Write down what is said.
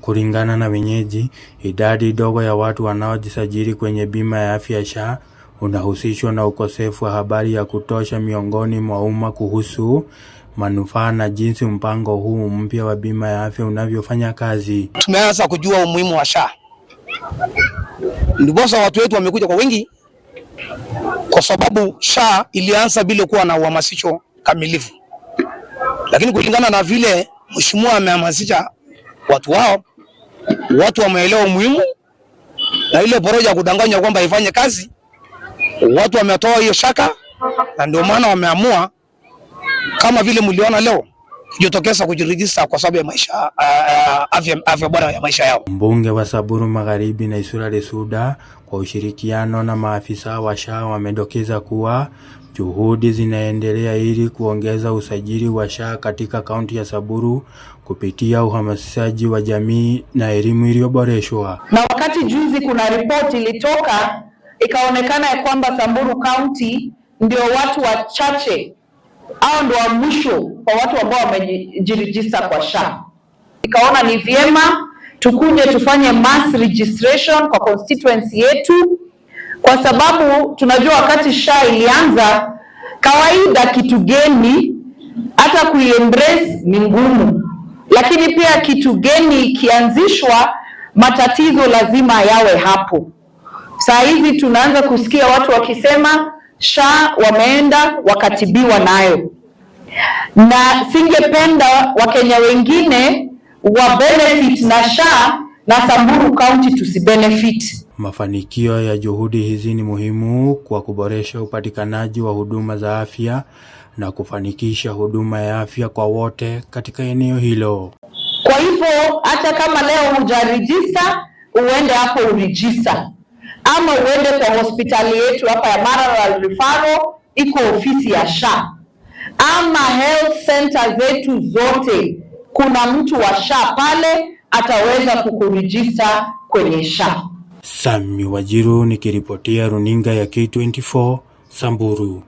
Kulingana na wenyeji, idadi ndogo ya watu wanaojisajili kwenye bima ya afya SHA unahusishwa na ukosefu wa habari ya kutosha miongoni mwa umma kuhusu manufaa na jinsi mpango huu mpya wa bima ya afya unavyofanya kazi. Tumeanza kujua umuhimu wa SHA, ndiposa watu wetu wamekuja kwa wingi, kwa sababu SHA ilianza bila kuwa na uhamasisho kamilifu, lakini kulingana na vile mheshimiwa amehamasisha watu wao, watu wameelewa umuhimu na ile poroja ya kudanganywa kwamba ifanye kazi, watu wametoa hiyo shaka, na ndio maana wameamua kama vile mliona leo kujitokeza kujirejista kwa sababu ya maisha eh, eh, afya afya bora ya maisha yao. Mbunge wa Samburu Magharibi na Isura Lesuda kwa ushirikiano na maafisa wa SHA wamedokeza kuwa juhudi zinaendelea ili kuongeza usajili wa SHA katika kaunti ya Samburu kupitia uhamasishaji wa jamii na elimu iliyoboreshwa. Na wakati juzi kuna ripoti ilitoka ikaonekana ya kwamba Samburu kaunti ndio watu wachache au ndio wa mwisho kwa watu ambao wamejirejista kwa SHA, ikaona ni vyema tukuje tufanye mass registration kwa constituency yetu, kwa sababu tunajua wakati SHA ilianza, kawaida kitu geni hata kuiembrace ni ngumu, lakini pia kitu geni ikianzishwa, matatizo lazima yawe hapo. Saa hizi tunaanza kusikia watu wakisema SHA wameenda wakatibiwa nayo, na singependa Wakenya wengine wa benefit na SHA na Samburu County tusibenefit. Mafanikio ya juhudi hizi ni muhimu kwa kuboresha upatikanaji wa huduma za afya na kufanikisha huduma ya afya kwa wote katika eneo hilo. Kwa hivyo hata kama leo hujarejista, uende hapo urejista, ama uende kwa hospitali yetu hapa ya Maralal Referral, iko ofisi ya SHA ama health center zetu zote kuna mtu wa SHA pale ataweza kukurejista kwenye SHA. Sami Wajiru nikiripotia runinga ya K24 Samburu.